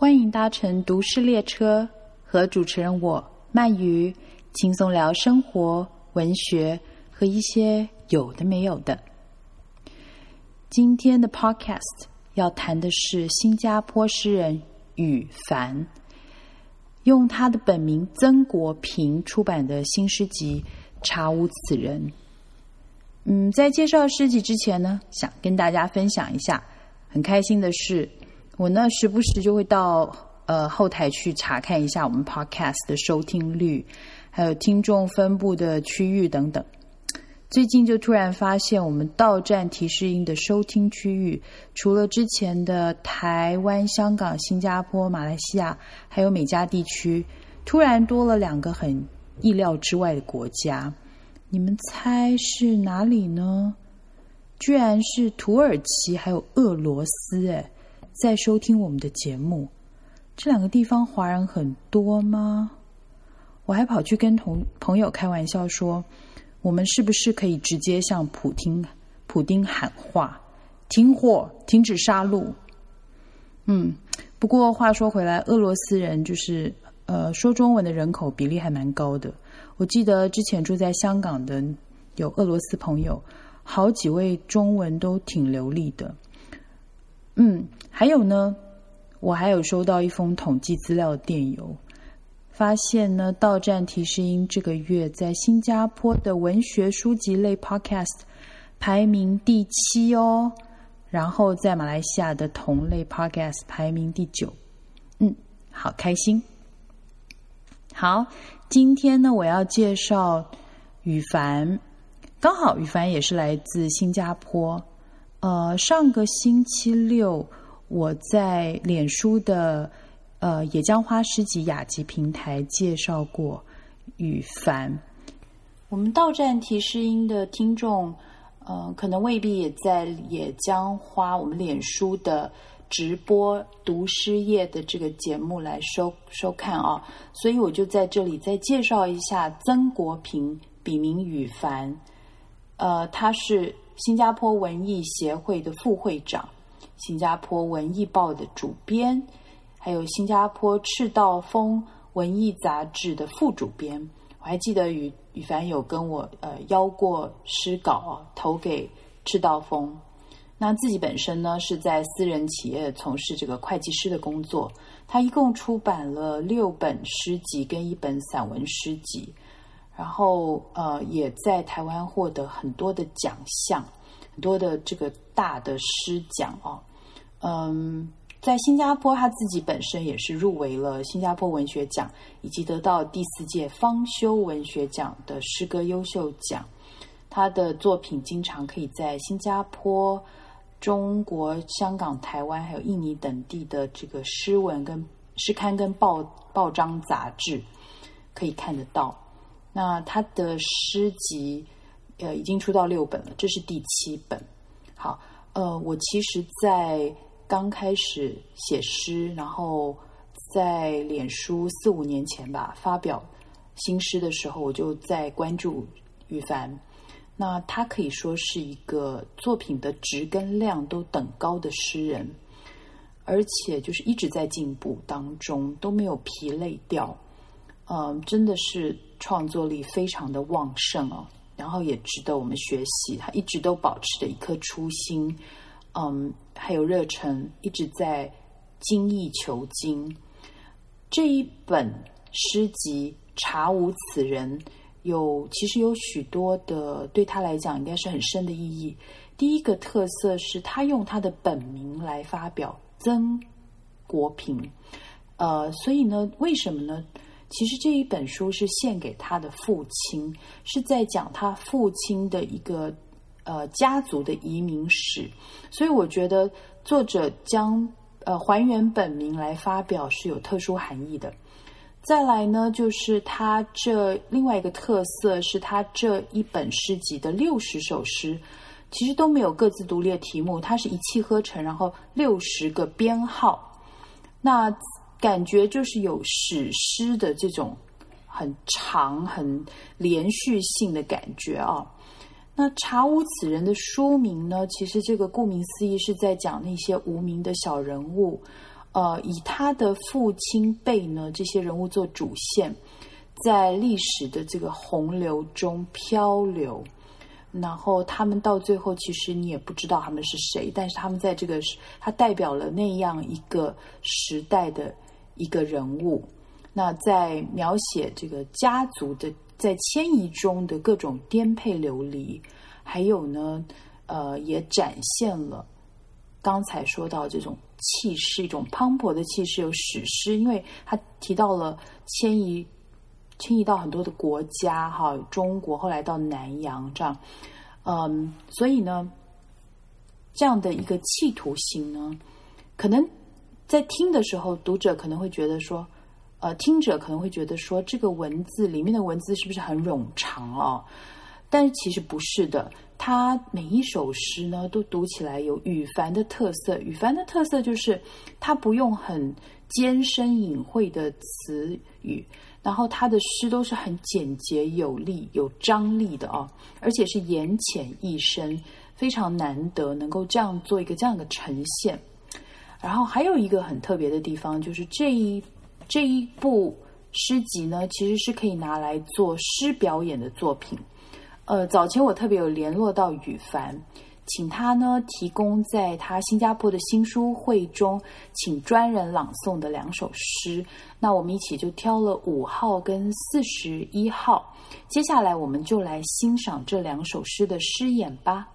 歡迎搭乘《讀詩列車》，和主持人我漫漁輕鬆聊生活、文學和一些有的沒有的。今天的 Podcast 要談的是新加坡詩人語凡，用他的本名曾國平出版的新詩集《查無此人》。嗯，在介紹詩集之前呢，想跟大家分享一下很開心的事。我呢，時不時就會到呃後台去查看一下我們 Podcast 的收聽率，還有聽眾分布的區域等等。最近就突然發現，我們到站提示音的收聽區域，除了之前的台灣、香港、新加坡、馬來西亞，還有美加地區，突然多了兩個很意料之外的國家。你們猜是哪裡呢？居然是土耳其，還有俄羅斯，哎。在收聽我們的節目，這兩個地方華人很多嗎？我還跑去跟同朋友開玩笑說，我們是不是可以直接向普丁普丁喊話，停火，停止殺戮？嗯，不過話說回來，俄羅斯人就是呃說中文的人口比例還蠻高的。我記得之前住在香港的有俄羅斯朋友，好幾位中文都挺流利的。嗯，還有呢，我還有收到一封統計資料的電郵，發現呢，到站提示音這個月在新加坡的文學書籍類 podcast 排名第七哦，然後在馬來西亞的同類 podcast 排名第九，嗯，好開心。好，今天呢，我要介紹語凡，剛好語凡也是來自新加坡。呃，上個星期六，我在臉書的呃野江花詩集雅集平台介紹過語凡。我們到站提示音的聽眾，呃，可能未必也在野江花我們臉書的直播讀詩夜的這個節目來收收看啊，所以我就在這裡再介紹一下曾國平，筆名語凡，呃，他是。新加坡文藝協會的副會長，新加坡文藝報的主編，還有新加坡赤道風文藝雜誌的副主編。我還記得語語凡有跟我呃邀過詩稿投給赤道風。那自己本身呢，是在私人企業從事這個會計師的工作。他一共出版了六本詩集跟一本散文詩集。然後，呃，也在台灣獲得很多的獎項，很多的這個大的詩獎哦。嗯，在新加坡，他自己本身也是入圍了新加坡文學獎，以及得到第四屆方修文學獎的詩歌優秀獎。他的作品經常可以在新加坡、中國、香港、台灣，還有印尼等地的這個詩文跟、跟詩刊、跟報報章、雜誌可以看得到。那他的詩集，呃，已經出到六本了，這是第七本。好，呃，我其實，在剛開始寫詩，然後在臉書四五年前吧發表新詩的時候，我就在關注語凡。那他可以說是一個作品的質跟量都等高的詩人，而且就是一直在進步當中，都沒有疲累掉。嗯，真的是創作力非常的旺盛哦，然後也值得我們學習。他一直都保持著一顆初心，嗯，還有熱忱，一直在精益求精。這一本詩集《查無此人》有其實有許多的對他來講應該是很深的意義。第一個特色是他用他的本名來發表曾國平，呃，所以呢，為什麼呢？其實這一本書是獻給他的父親，是在講他父親的一個呃家族的移民史，所以我覺得作者將呃還原本名來發表是有特殊含義的。再來呢，就是他這另外一個特色是他這一本詩集的六十首詩，其實都沒有各自獨立的題目，它是一氣呵成，然後六十個編號。那。感覺就是有史詩的這種很長、很連續性的感覺啊。那《查無此人》的書名呢？其實這個顧名思義是在講那些無名的小人物，呃，以他的父親輩呢，這些人物做主線，在歷史的這個洪流中漂流。然後他們到最後，其實你也不知道他們是誰，但是他們在這個，他代表了那樣一個時代的。一個人物，那在描寫這個家族的在遷移中的各種顛沛流離，還有呢，呃，也展現了剛才說到這種氣勢，一種磅礴的氣勢，有史詩，因為他提到了遷移，遷移到很多的國家，哈，中國後來到南洋，這樣，嗯，所以呢，這樣的一個企圖性呢，可能。在聽的時候，讀者可能會覺得說，呃，聽者可能會覺得說，這個文字裡面的文字是不是很冗長哦、啊？但其實不是的，他每一首詩呢，都讀起來有語凡的特色。語凡的特色就是，他不用很艱深隱晦的詞語，然後他的詩都是很簡潔有力、有張力的哦、啊，而且是言淺意深，非常難得能夠這樣做一個這樣的呈現。然後還有一個很特別的地方，就是這一這一部詩集呢，其實是可以拿來做詩表演的作品。呃，早前我特別有聯絡到語凡，請他呢提供，在他新加坡的新書會中請專人朗誦的兩首詩。那我們一起就挑了五號跟四十一號。接下來我們就來欣賞這兩首詩的詩演吧。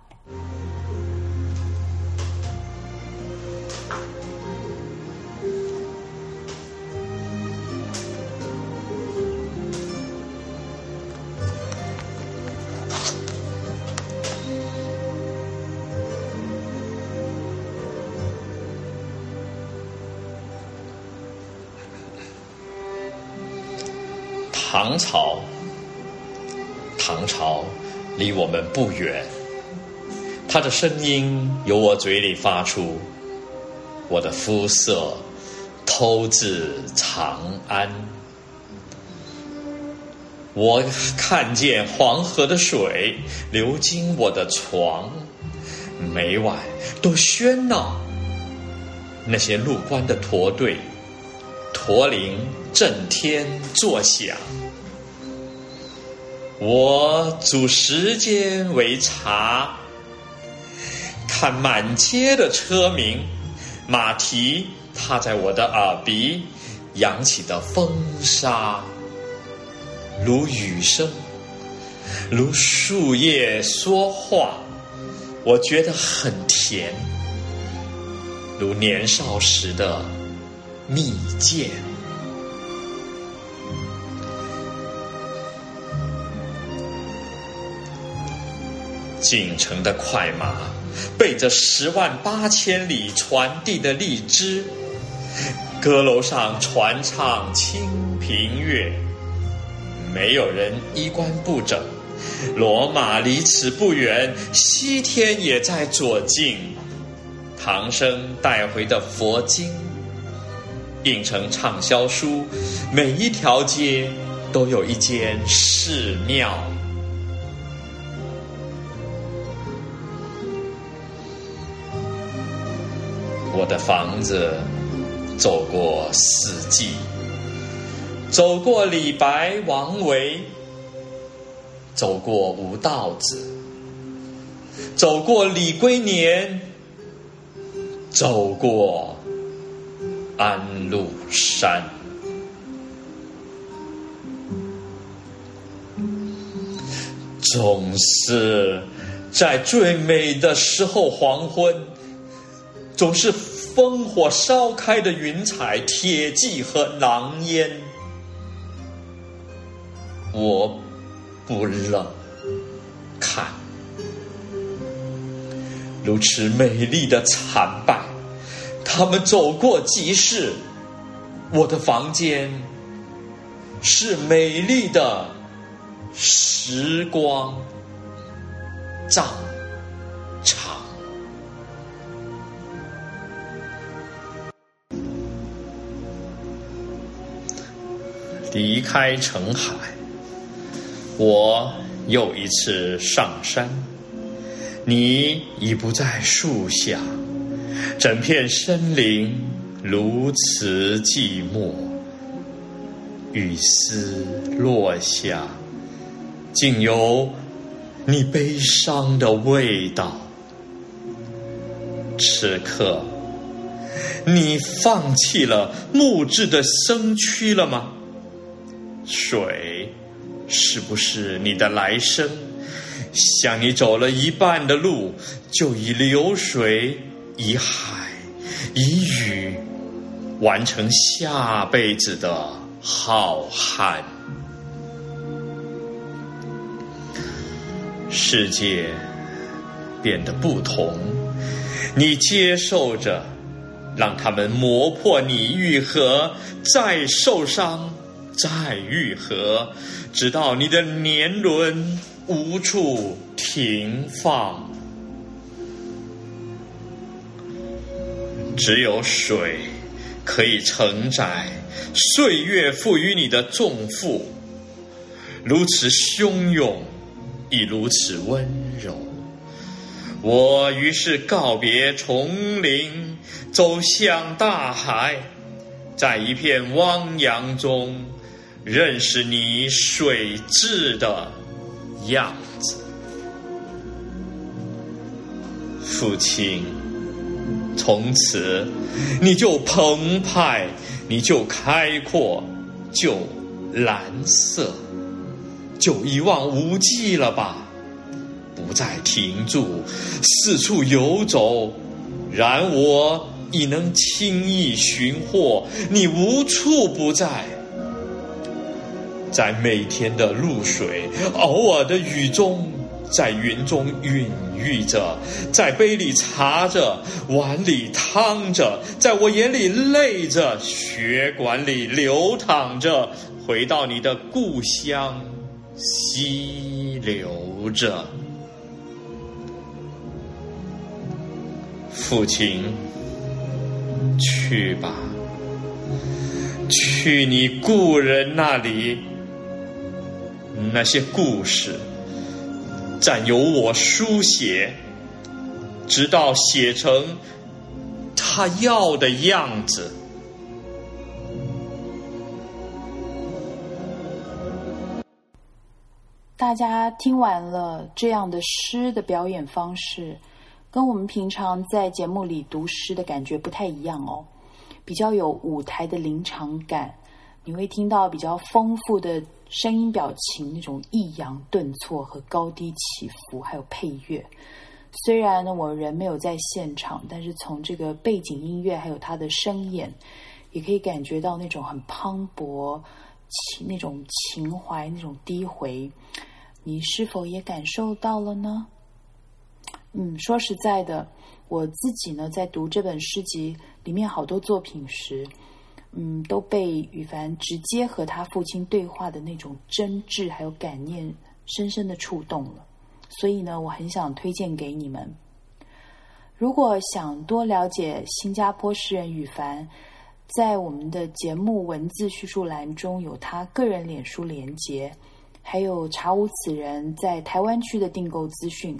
唐朝，唐朝離我們不遠。他的聲音由我嘴裡發出，我的膚色偷自長安。我看見黃河的水流經我的床，每晚都喧鬧。那些入關的駝隊，駝鈴震天作響。我煮時間為茶，看滿街的車鳴，馬蹄踏在我的耳鼻，揚起的風沙，如雨聲，如樹葉說話，我覺得很甜，如年少時的蜜餞。進城的快馬，背着十萬八千里傳遞的荔枝；閣樓上傳唱《清平樂》，沒有人衣冠不整。羅馬離此不遠，西天也在左近。唐僧帶回的佛經，印成暢銷書，每一條街都有一間寺廟。我的房子走過四季，走過李白、王維，走過吳道子，走過李龜年，走過安祿山，總是在最美的時候黃昏。總是烽火燒開的雲彩、鐵騎和狼煙，我不冷。看，如此美麗的慘敗，他們走過集市，我的房間是美麗的時光。長。離開澄海，我又一次上山，你已不在樹下，整片森林如此寂寞。雨絲落下，竟有你悲傷的味道。此刻，你放棄了木質的身軀了嗎？水，是不是你的來生？像你走了一半的路，就以流水、以海、以雨，完成下輩子的浩瀚。世界變得不同，你接受着，讓他們磨破你，愈合再受傷。再愈合，直到你的年輪無處停放。只有水可以承載歲月賦予你的重負，如此洶湧，亦如此溫柔。我於是告別叢林，走向大海，在一片汪洋中。認識你水質的樣子，父親。從此，你就澎湃，你就開闊，就藍色，就一望無際了吧？不再停住，四處游走。然我已能輕易尋獲，你無處不在。在每天的露水，偶爾的雨中，在雲中孕育着，在杯裡茶着，碗裡湯着，在我眼裡淚着，血管裡流淌着，回到你的故鄉，溪流着。父親，去吧，去你故人那裡。那些故事，暫由我書寫，直到寫成他要的樣子。大家聽完了這樣的詩的表演方式，跟我們平常在節目裡讀詩的感覺不太一樣哦，比較有舞台的臨場感，你會聽到比較豐富的。聲音、表情那種抑揚頓挫和高低起伏，還有配樂。雖然呢，我人沒有在現場，但是從這個背景音樂還有他的聲演，也可以感覺到那種很磅礴情、那種情懷、那種低回。你是否也感受到了呢？嗯，說實在的，我自己呢，在讀這本詩集裡面好多作品時，嗯，都被語凡直接和他父親對話的那種真摯還有感念深深的觸動了，所以呢，我很想推薦給你們。如果想多了解新加坡詩人語凡，在我們的節目文字敘述欄中有他個人臉書連結，還有查無此人，在台灣區的訂購資訊。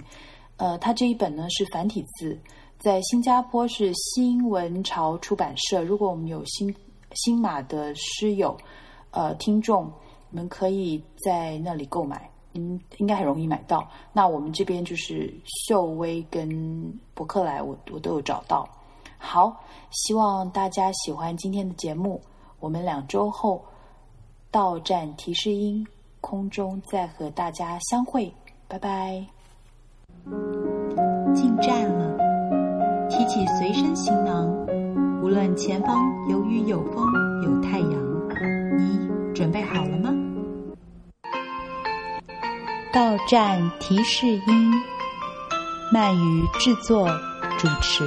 呃，他這一本呢是繁體字，在新加坡是新文潮出版社。如果我們有新新馬的詩友，呃，聽眾，你們可以在那裡購買，嗯，應該很容易買到。那我們這邊就是秀威跟博客來，我，我我都有找到。好，希望大家喜歡今天的節目。我們兩週後到站提示音，空中再和大家相會，拜拜。進站了，提起隨身行囊。無論前方有雨有風有太陽，你準備好了嗎？到站提示音，漫漁製作，主持。